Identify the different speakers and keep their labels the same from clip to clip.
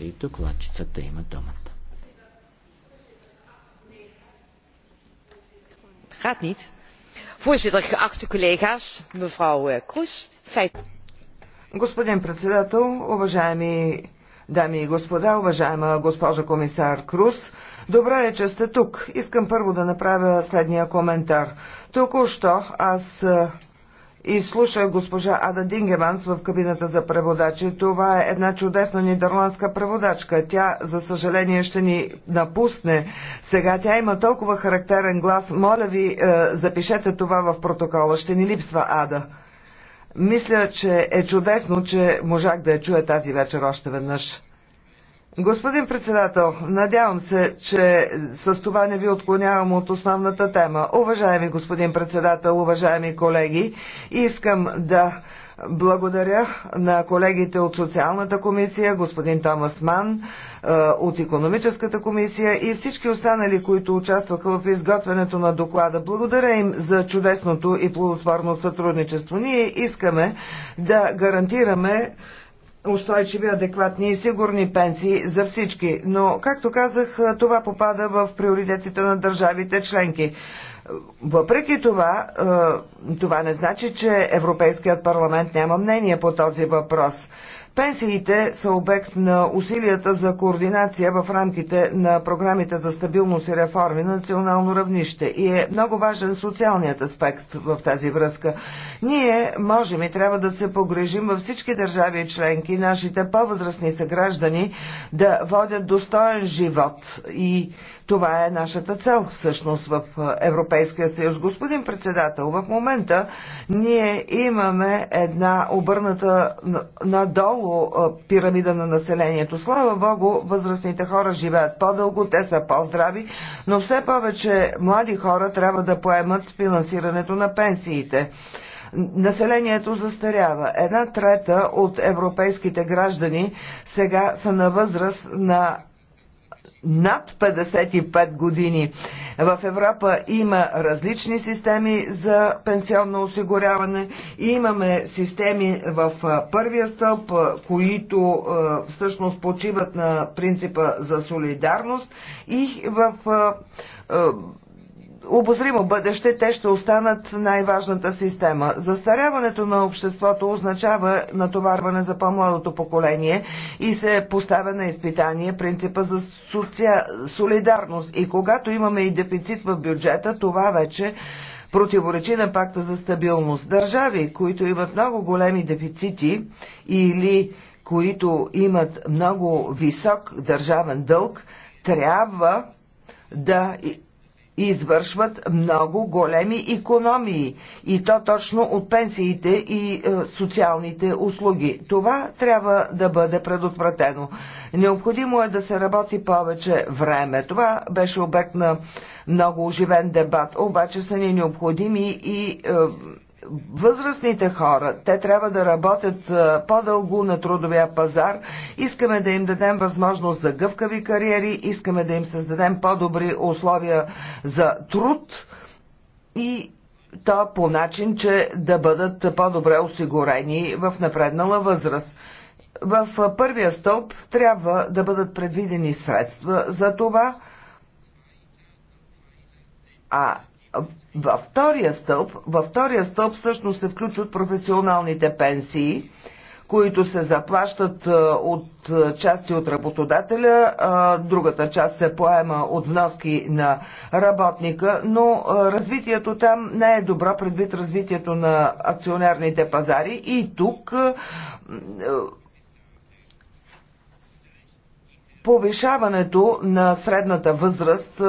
Speaker 1: и Докладчицата има думата.
Speaker 2: Voorzitter, geachte collega's, mevrouw eh, Kroes, Господин председател, уважаеми дами и господа, уважаема госпожа комисар Крус, добре е, че сте тук. Искам първо да направя следния коментар. Току-що аз и слуша госпожа Ада Дингеманс в кабината за преводачи. Това е една чудесна нидерландска преводачка. Тя, за съжаление, ще ни напусне. Сега тя има толкова характерен глас. Моля ви, е, запишете това в протокола. Ще ни липсва Ада. Мисля, че е чудесно, че можах да я чуя тази вечер още веднъж. Господин председател, надявам се, че с това не ви отклонявам от основната тема. Уважаеми господин председател, уважаеми колеги, искам да благодаря на колегите от Социалната комисия, господин Томас Ман, е, от Економическата комисия и всички останали, които участваха в изготвянето на доклада. Благодаря им за чудесното и плодотворно сътрудничество. Ние искаме да гарантираме устойчиви, адекватни и сигурни пенсии за всички. Но, както казах, това попада в приоритетите на държавите членки. Въпреки това, е, това не значи, че Европейският парламент няма мнение по този въпрос. Пенсиите са обект на усилията за координация в рамките на програмите за стабилност и реформи на национално равнище и е много важен социалният аспект в тази връзка. Ние можем и трябва да се погрежим във всички държави и членки, нашите по-възрастни съграждани да водят достоен живот и това е нашата цел всъщност в Европейския съюз. Господин председател, в момента ние имаме една обърната надолу цяло пирамида на населението. Слава Богу, възрастните хора живеят по-дълго, те са по-здрави, но все повече млади хора трябва да поемат финансирането на пенсиите. Населението застарява. Една трета от европейските граждани сега са на възраст на над 55 години. В Европа има различни системи за пенсионно осигуряване и имаме системи в първия стълб, които всъщност почиват на принципа за солидарност и в обозримо бъдеще те ще останат най-важната система. Застаряването на обществото означава натоварване за по-младото поколение и се поставя на изпитание принципа за соция... солидарност. И когато имаме и дефицит в бюджета, това вече противоречи на пакта за стабилност. Държави, които имат много големи дефицити или които имат много висок държавен дълг, трябва да извършват много големи економии и то точно от пенсиите и е, социалните услуги. Това трябва да бъде предотвратено. Необходимо е да се работи повече време. Това беше обект на много оживен дебат, обаче са ни необходими и е, възрастните хора, те трябва да работят по-дълго на трудовия пазар. Искаме да им дадем възможност за гъвкави кариери, искаме да им създадем по-добри условия за труд и то по начин, че да бъдат по-добре осигурени в напреднала възраст. В първия стълб трябва да бъдат предвидени средства за това, а във втория стълб, във втория стълб всъщност се включват професионалните пенсии, които се заплащат от части от работодателя, другата част се поема от вноски на работника, но развитието там не е добро предвид развитието на акционерните пазари и тук повишаването на средната възраст е,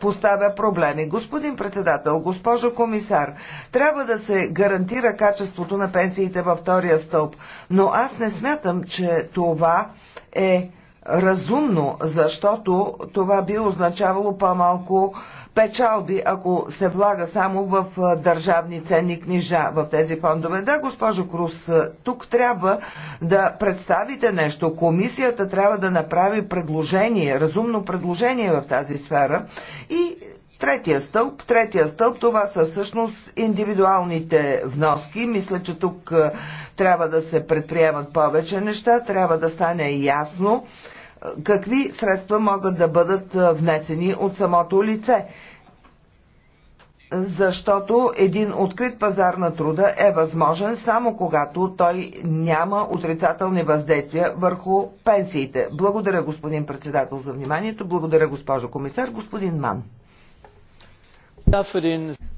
Speaker 2: поставя проблеми. Господин председател, госпожо комисар, трябва да се гарантира качеството на пенсиите във втория стълб, но аз не смятам, че това е разумно, защото това би означавало по-малко печалби, ако се влага само в държавни ценни книжа в тези фондове. Да, госпожо Крус, тук трябва да представите нещо. Комисията трябва да направи предложение, разумно предложение в тази сфера и Третия стълб. Третия стълб това са всъщност индивидуалните вноски. Мисля, че тук е, трябва да се предприемат повече неща, трябва да стане ясно е, какви средства могат да бъдат е, внесени от самото лице защото един открит пазар на труда е възможен само когато той няма отрицателни въздействия върху пенсиите. Благодаря господин председател за вниманието, благодаря госпожо комисар, господин Ман.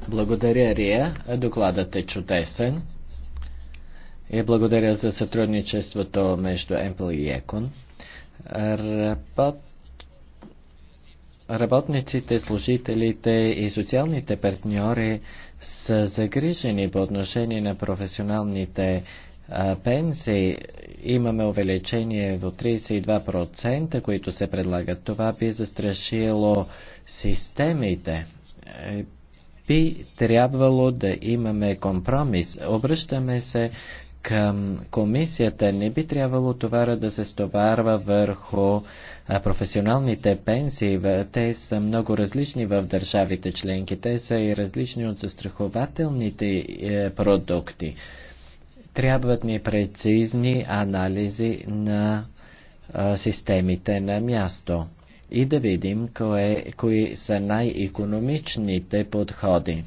Speaker 1: Благодаря, Рия. Докладът е чудесен. И благодаря за сътрудничеството между Емпл и Екон. Работ... Работниците, служителите и социалните партньори са загрижени по отношение на професионалните пенсии имаме увеличение до 32%, които се предлагат. Това би застрашило системите. Е, би трябвало да имаме компромис. Обръщаме се към комисията. Не би трябвало товара да се стоварва върху професионалните пенсии. Те са много различни в държавите членки. Те са и различни от застрахователните е, продукти. Трябват ни прецизни анализи на системите на място и да видим кое, кои са най-економичните подходи.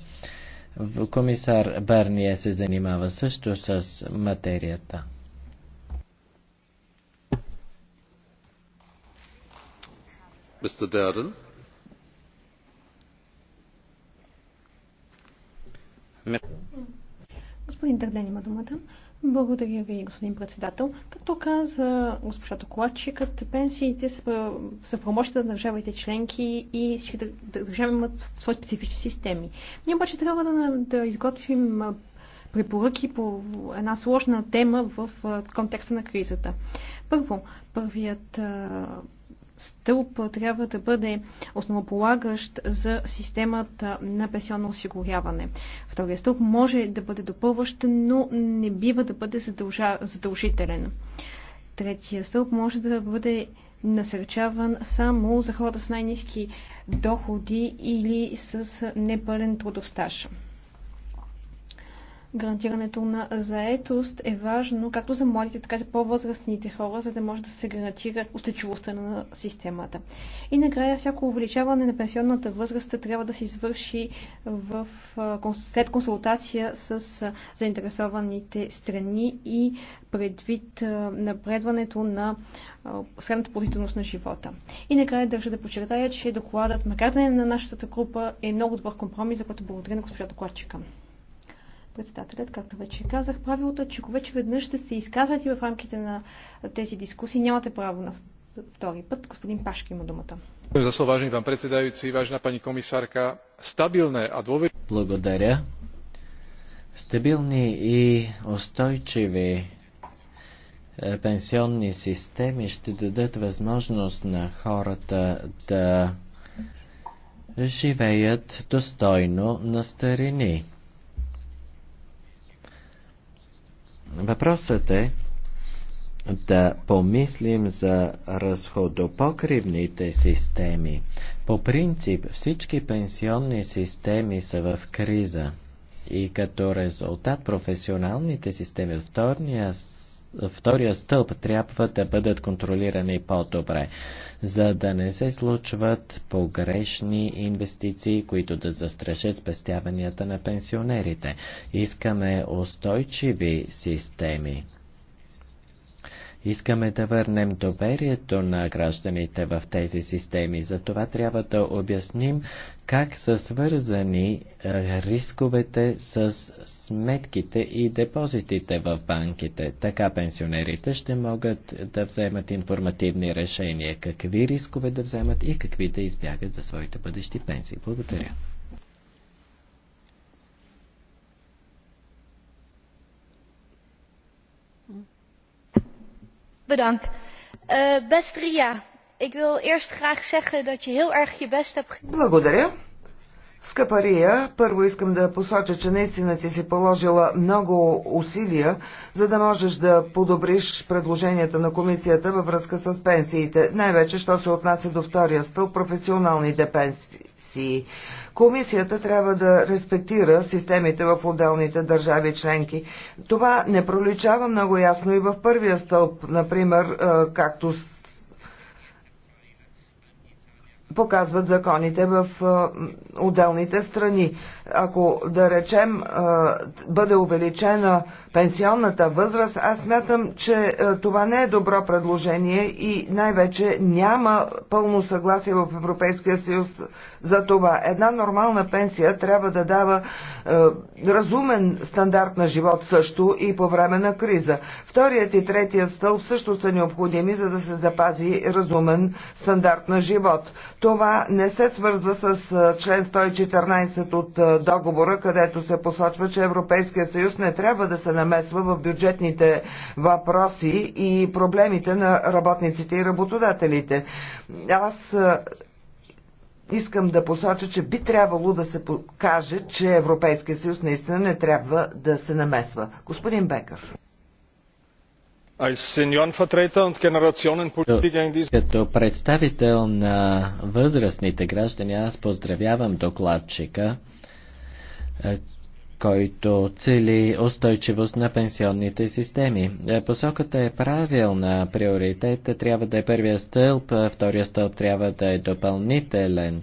Speaker 1: Комисар Барния се занимава също с материята.
Speaker 3: Мистер Darden.
Speaker 1: Merci.
Speaker 3: Господин Дърден има думата. Благодаря ви, господин председател. Както каза госпожа като пенсиите са, са промощите на държавите членки и всички държави имат свои специфични системи. Ние обаче трябва да, да изготвим препоръки по една сложна тема в контекста на кризата. Първо, първият стълб трябва да бъде основополагащ за системата на пенсионно осигуряване. Вторият стълб може да бъде допълващ, но не бива да бъде задължа, задължителен. Третия стълб може да бъде насърчаван само за хората с най-низки доходи или с непълен трудов стаж гарантирането на заетост е важно както за младите, така и за по-възрастните хора, за да може да се гарантира устойчивостта на системата. И накрая всяко увеличаване на пенсионната възраст трябва да се извърши в, след консултация с заинтересованите страни и предвид напредването на средната продължителност на живота. И накрая държа да подчертая, че докладът, макар да не на нашата група, е много добър компромис, за който благодаря на госпожата докладчика председателят, както вече казах, правилото е, че ако вече веднъж ще се изказват и в рамките на тези дискусии, нямате право на втори път. Господин Пашки има думата.
Speaker 1: Благодаря. Стабилни и устойчиви е, пенсионни системи ще дадат възможност на хората да живеят достойно на старини. Въпросът е да помислим за разходопокривните системи. По принцип всички пенсионни системи са в криза и като резултат професионалните системи, вторния втория стълб трябва да бъдат контролирани по-добре, за да не се случват погрешни инвестиции, които да застрашат спестяванията на пенсионерите. Искаме устойчиви системи Искаме да върнем доверието на гражданите в тези системи. Затова трябва да обясним как са свързани е, рисковете с сметките и депозитите в банките. Така пенсионерите ще могат да вземат информативни решения, какви рискове да вземат и какви да избягат за своите бъдещи пенсии. Благодаря.
Speaker 3: Mm-hmm. Eh, Beste Ria, ik wil eerst graag zeggen dat je heel erg je best hebt gedaan.
Speaker 2: Благодаря. Скъпа Рия, първо искам да посоча, че наистина ти си положила много усилия, за да можеш да подобриш предложенията на комисията във връзка с пенсиите, най-вече, що се отнася до втория стъл, професионалните пенсии си. Комисията трябва да респектира системите в отделните държави членки. Това не проличава много ясно и в първия стълб, например, е, както показват законите в отделните страни. Ако, да речем, бъде увеличена пенсионната възраст, аз смятам, че това не е добро предложение и най-вече няма пълно съгласие в Европейския съюз за това. Една нормална пенсия трябва да дава разумен стандарт на живот също и по време на криза. Вторият и третият стълб също са необходими, за да се запази разумен стандарт на живот. Това не се свързва с член 114 от договора, където се посочва, че Европейския съюз не трябва да се намесва в бюджетните въпроси и проблемите на работниците и работодателите. Аз искам да посоча, че би трябвало да се покаже, че Европейския съюз наистина не трябва да се намесва. Господин Бекър.
Speaker 1: Като представител на възрастните граждани, аз поздравявам докладчика, е, който цели устойчивост на пенсионните системи. Е, посоката е правилна, приоритет трябва да е първия стълб, е, втория стълб трябва да е допълнителен.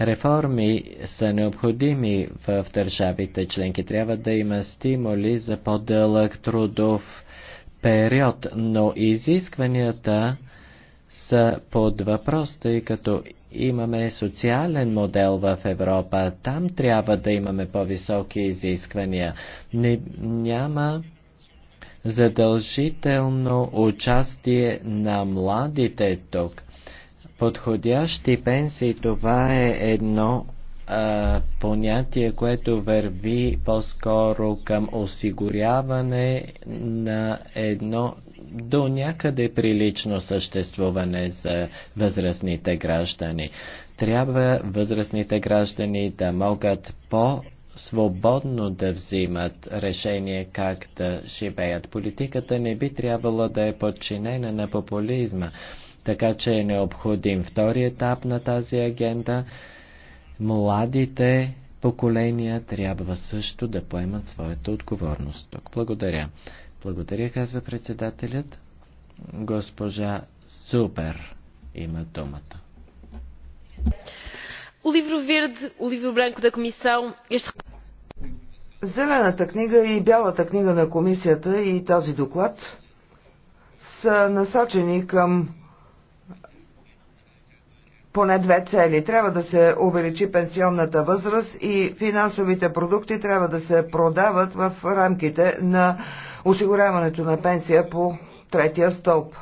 Speaker 1: Реформи са необходими в държавите членки. Трябва да има стимули за по-дълъг трудов период, но изискванията са под въпрос, тъй като имаме социален модел в Европа. Там трябва да имаме по-високи изисквания. Не, няма задължително участие на младите тук. Подходящи пенсии това е едно а, понятие, което върви по-скоро към осигуряване на едно до някъде прилично съществуване за възрастните граждани. Трябва възрастните граждани да могат по свободно да взимат решение как да живеят. Политиката не би трябвало да е подчинена на популизма, така че е необходим втори етап на тази агенда Младите поколения трябва също да поемат своята отговорност. Тук благодаря. Благодаря, казва председателят. Госпожа Супер
Speaker 2: има думата.
Speaker 3: Оливро Вирд, Оливро o да комисал. Е
Speaker 2: Зелената книга и бялата книга на комисията и този доклад са насочени към поне две цели. Трябва да се увеличи пенсионната възраст и финансовите продукти трябва да се продават в рамките на осигуряването на пенсия по третия стълб.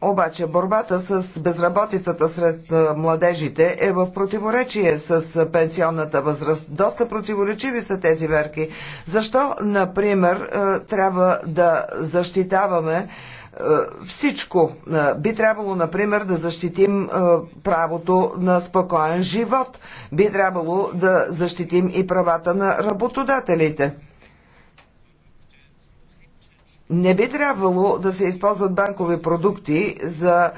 Speaker 2: Обаче борбата с безработицата сред младежите е в противоречие с пенсионната възраст. Доста противоречиви са тези верки. Защо, например, трябва да защитаваме е, всичко. Е, би трябвало, например, да защитим е, правото на спокоен живот. Би трябвало да защитим и правата на работодателите. Не би трябвало да се използват банкови продукти за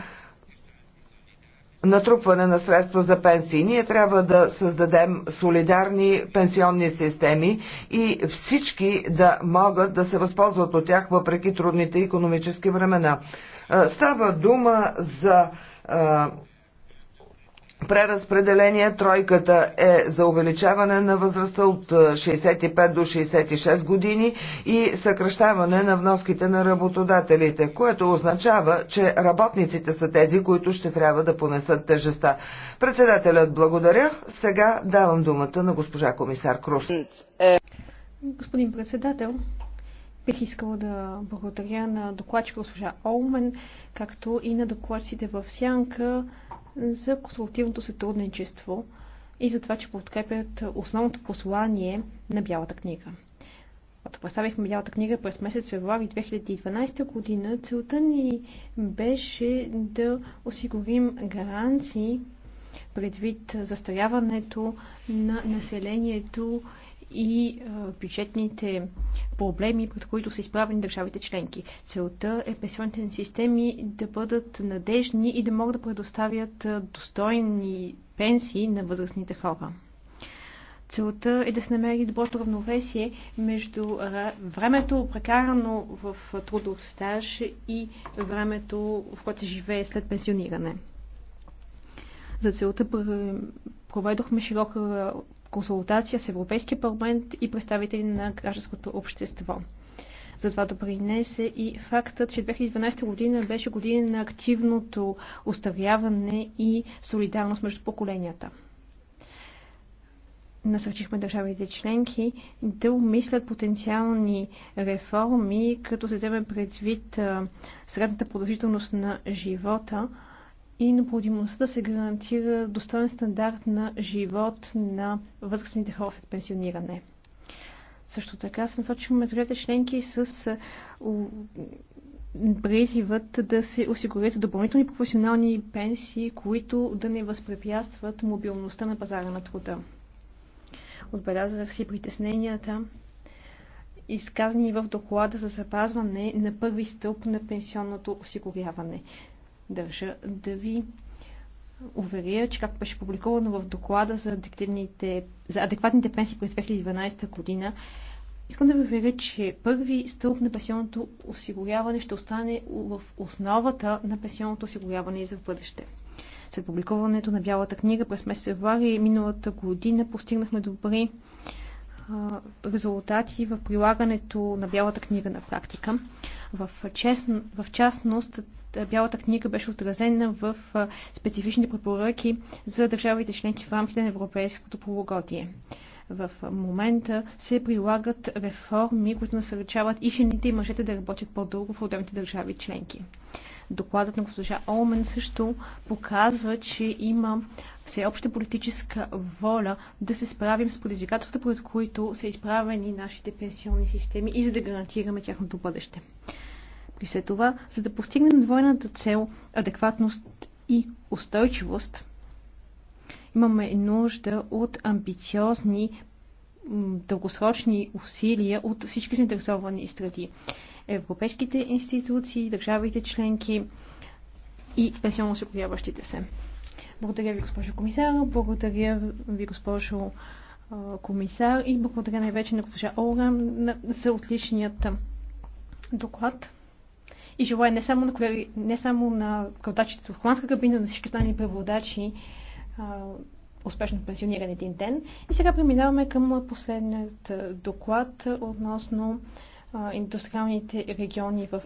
Speaker 2: натрупване на средства за пенсии. Ние трябва да създадем солидарни пенсионни системи и всички да могат да се възползват от тях въпреки трудните економически времена. Става дума за преразпределение. Тройката е за увеличаване на възрастта от 65 е, до 66 години и съкръщаване на вноските на работодателите, което означава, че работниците са тези, които ще трябва да понесат тежеста. Председателят благодаря. Сега давам думата на госпожа комисар Крус.
Speaker 3: Господин председател, Бих искала да благодаря на докладчика госпожа Олмен, както и на докладците в Сянка за консултивното сътрудничество и за това, че подкрепят основното послание на Бялата книга. Когато представихме Бялата книга през месец февруари 2012 година, целта ни беше да осигурим гаранции предвид застаряването на населението и бюджетните проблеми, пред които са изправени държавите членки. Целта е пенсионните системи да бъдат надежни и да могат да предоставят достойни пенсии на възрастните хора. Целта е да се намери доброто равновесие между времето, прекарано в трудов стаж и времето, в което се живее след пенсиониране. За целта проведохме широка консултация с Европейския парламент и представители на гражданското общество. това допринесе и фактът, че 2012 година беше година на активното оставяване и солидарност между поколенията. Насърчихме държавите членки да умислят потенциални реформи, като се вземе предвид средната продължителност на живота, и необходимостта да се гарантира достоен стандарт на живот на възрастните хора след пенсиониране. Също така се насочихме другите членки с призивът да се осигурят допълнителни професионални пенсии, които да не възпрепятстват мобилността на пазара на труда. Отбелязах си притесненията, изказани в доклада за запазване на първи стълб на пенсионното осигуряване. Държа да ви уверя, че както беше публикувано в доклада за, за адекватните пенсии през 2012 година, искам да ви уверя, че първи стълб на пенсионното осигуряване ще остане в основата на пенсионното осигуряване и за бъдеще. След публикуването на Бялата книга през месец февруари миналата година постигнахме добри резултати в прилагането на Бялата книга на практика. В, честно, в частност, Бялата книга беше отразена в специфичните препоръки за държавите членки в рамките на Европейското полугодие. В момента се прилагат реформи, които насърчават и жените и мъжете да работят по-дълго в отделните държави членки. Докладът на госпожа Олмен също показва, че има всеобща политическа воля да се справим с предизвикателствата, пред които са изправени нашите пенсионни системи и за да гарантираме тяхното бъдеще. При след това, за да постигнем двойната цел адекватност и устойчивост, имаме нужда от амбициозни дългосрочни усилия от всички заинтересовани страни. Европейските институции, държавите членки и пенсионно осигуряващите се. Благодаря ви, госпожо комисар, благодаря ви, госпожо комисар и благодаря най-вече на госпожа Олга за отличният доклад. И желая не само на, колеги, не само на преводачите от холандска кабина, но на всички тани преводачи успешно пенсиониране един ден. И сега преминаваме към последният доклад относно индустриалните региони в